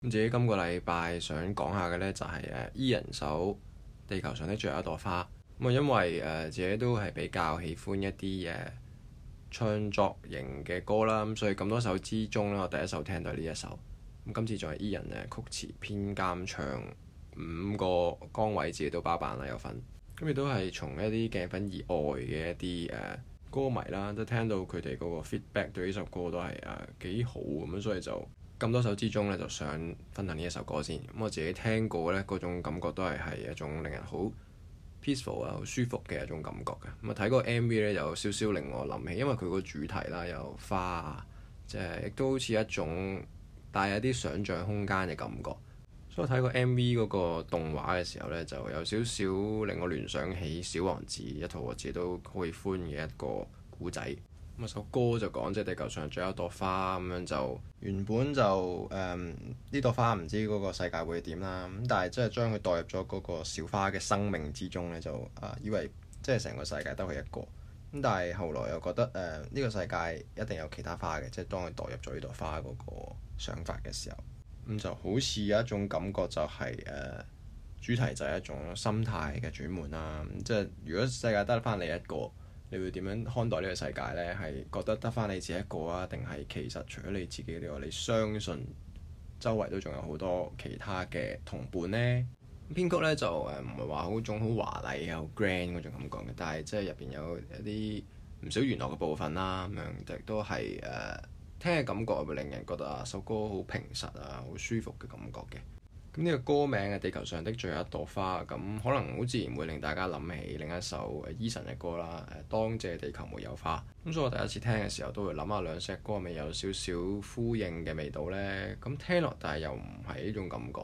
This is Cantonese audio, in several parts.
咁自己今個禮拜想講下嘅呢，就係誒 Ian 首，地球上嘅最後一朵花。咁啊，因為誒自己都係比較喜歡一啲嘅唱作型嘅歌啦，咁所以咁多首之中呢，我第一首聽到呢一首。咁今次仲係 E 人誒，曲詞編監唱五個崗位自己都包辦啦，有份。咁亦都係從一啲鏡粉以外嘅一啲誒歌迷啦，都聽到佢哋嗰個 feedback 對呢首歌都係啊幾好咁樣，所以就。咁多首之中咧，就想分享呢一首歌先。咁我自己聽過咧，嗰種感覺都係係一種令人好 peaceful 啊、好舒服嘅一種感覺嘅。咁啊睇過 MV 咧，有少少令我諗起，因為佢個主題啦，有花，即係亦都好似一種帶有啲想像空間嘅感覺。所以睇過 MV 嗰個動畫嘅時候咧，就有少少令我聯想起小王子一套我自己都好喜歡嘅一個古仔。咁首歌就講即係地球上仲有一朵花咁樣就原本就誒呢、嗯、朵花唔知嗰個世界會點啦咁，但係即係將佢代入咗嗰個小花嘅生命之中咧，就啊以為即係成個世界得佢一個咁，但係後來又覺得誒呢、呃這個世界一定有其他花嘅，即係當佢代入咗呢朵花嗰個想法嘅時候，咁、嗯、就好似有一種感覺就係誒主題就係一種心態嘅轉換啦。即係如果世界得翻你一個。你會點樣看待呢個世界呢？係覺得得返你自己一個啊，定係其實除咗你自己之外，你相信周圍都仲有好多其他嘅同伴呢？編曲呢，就誒唔係話好重好華麗好 grand 嗰種感覺嘅，但係即係入邊有一啲唔少娛樂嘅部分啦，咁樣亦都係誒聽嘅感覺會令人覺得啊首歌好平實啊，好舒服嘅感覺嘅。咁呢個歌名嘅《地球上的最後一朵花》，咁可能好自然會令大家諗起另一首 Eason 嘅歌啦，《當這地球沒有花》。咁所以我第一次聽嘅時候都會諗下兩隻歌係咪有少少呼應嘅味道呢。咁聽落，但係又唔係呢種感覺。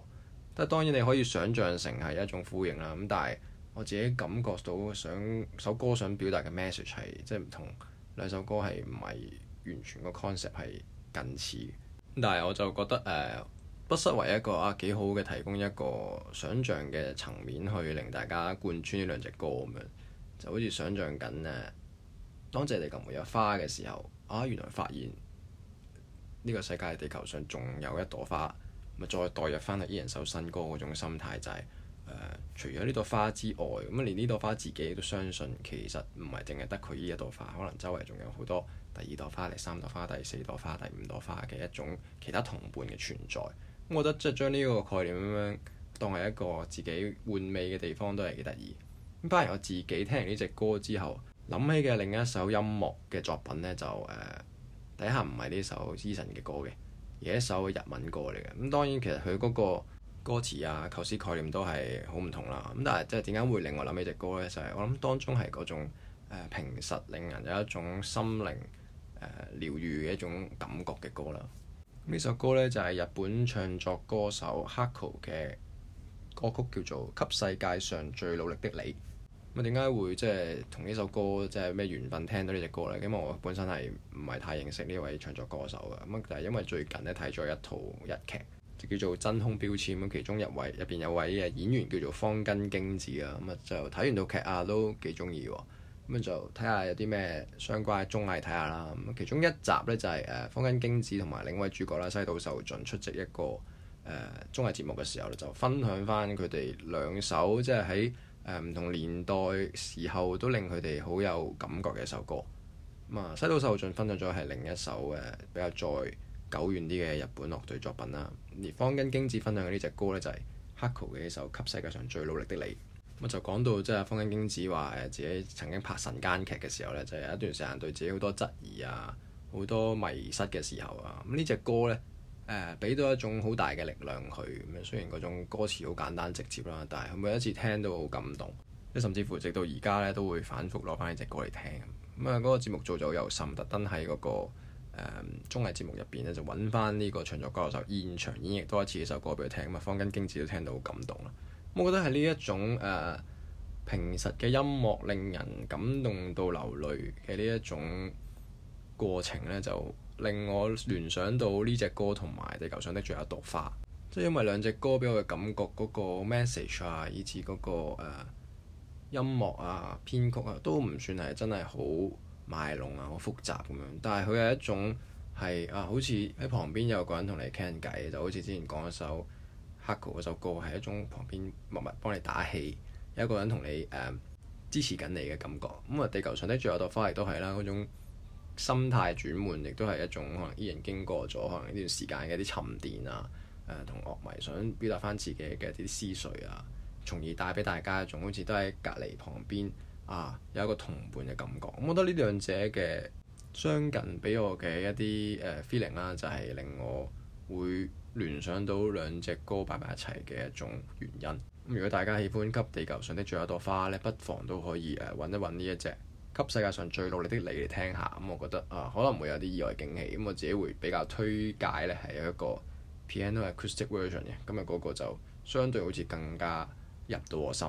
但當然你可以想像成係一種呼應啦。咁但係我自己感覺到想首歌想表達嘅 message 係即係唔同兩首歌係唔係完全、個 concept 係近似。咁但係我就覺得誒。呃不失為一個啊幾好嘅提供一個想像嘅層面，去令大家貫穿呢兩隻歌咁樣，就好似想像緊呢當這地球沒有花嘅時候，啊原來發現呢個世界地球上仲有一朵花，咪再代入翻去呢人首新歌嗰種心態、就係，就、呃、係除咗呢朵花之外，咁啊連呢朵花自己都相信其實唔係淨係得佢呢一朵花，可能周圍仲有好多第二朵花、第三朵花、第四朵花、第五朵花嘅一種其他同伴嘅存在。我覺得即係將呢個概念咁樣當係一個自己玩味嘅地方都係幾得意。咁反而我自己聽完呢隻歌之後，諗起嘅另一首音樂嘅作品呢，就誒底下唔係呢首 Eason 嘅歌嘅，而係一首日文歌嚟嘅。咁當然其實佢嗰個歌詞啊、構思概念都係好唔同啦。咁但係即係點解會令我諗起隻歌呢？就係、是、我諗當中係嗰種、呃、平實，令人有一種心靈誒、呃、療癒嘅一種感覺嘅歌啦。呢首歌呢，就係日本唱作歌手 Hako 嘅歌曲，叫做《給世界上最努力的你》。咁啊，點解會即係同呢首歌即係咩緣分聽到呢隻歌呢？因為，我本身係唔係太認識呢位唱作歌手啊。咁但就係因為最近呢，睇咗一套日劇，就叫做《真空標籤》，咁，其中一位入邊有位嘅演員叫做芳根京子啊，咁啊就睇完套劇啊都幾中意喎。咁就睇下有啲咩相關綜藝睇下啦。咁其中一集呢，就係誒芳根京子同埋另一位主角啦，西島秀俊出席一個誒、呃、綜藝節目嘅時候，就分享翻佢哋兩首即係喺誒唔同年代時候都令佢哋好有感覺嘅一首歌。咁啊，西島秀俊分享咗係另一首誒、啊、比較再久遠啲嘅日本樂隊作品啦、啊。而方根京子分享嘅呢隻歌呢，就係黑 a 嘅一首《給世界上最努力的你》。咪、嗯、就講到即係、就是、芳根京子話誒、呃，自己曾經拍晨間劇嘅時候咧，就是、有一段時間對自己好多質疑啊，好多迷失嘅時候啊。咁呢隻歌呢，誒、呃，俾到一種好大嘅力量佢咁啊。雖然嗰種歌詞好簡單直接啦，但係每一次聽到好感動，你甚至乎直到而家呢，都會反覆攞翻呢隻歌嚟聽。咁、嗯、啊，嗰、那個節目做咗有心，特登喺嗰個誒、嗯、綜藝節目入邊咧，就揾翻呢個唱作歌手現場演繹多一次呢首歌俾佢聽。咁啊，芳根京子都聽到好感動啦。我覺得係呢一種誒、呃、平實嘅音樂，令人感動到流淚嘅呢一種過程咧，就令我聯想到呢隻歌同埋《地球上的最後一朵花》，即係因為兩隻歌俾我嘅感覺嗰、嗰個 message 啊，以至嗰、嗰個、呃、音樂啊、編曲啊，都唔算係真係好賣弄啊、好複雜咁樣，但係佢係一種係啊，好似喺旁邊有個人同你傾偈，就好似之前講一首。黑 girl 嗰首歌係一種旁邊默默幫你打氣，有一個人同你誒、嗯、支持緊你嘅感覺。咁、嗯、啊，地球上的最後一朵花亦都係啦，嗰種心態轉換，亦都係一種可能依然經過咗可能呢段時間嘅啲沉澱啊，誒同樂迷想表達翻自己嘅啲思緒啊，從而帶俾大家一種好似都喺隔離旁邊啊，有一個同伴嘅感覺。嗯嗯、我覺得呢兩者嘅相近俾我嘅一啲誒 feeling 啦，就係、是、令我會。聯想到兩隻歌擺埋一齊嘅一種原因。咁如果大家喜歡《給地球上的最後一朵花》咧，不妨都可以誒揾一揾呢一隻《給世界上最努力的你》嚟聽下。咁、嗯、我覺得啊，可能會有啲意外驚喜。咁、嗯、我自己會比較推介咧係有一個 piano acoustic version 嘅。咁啊嗰個就相對好似更加入到我心。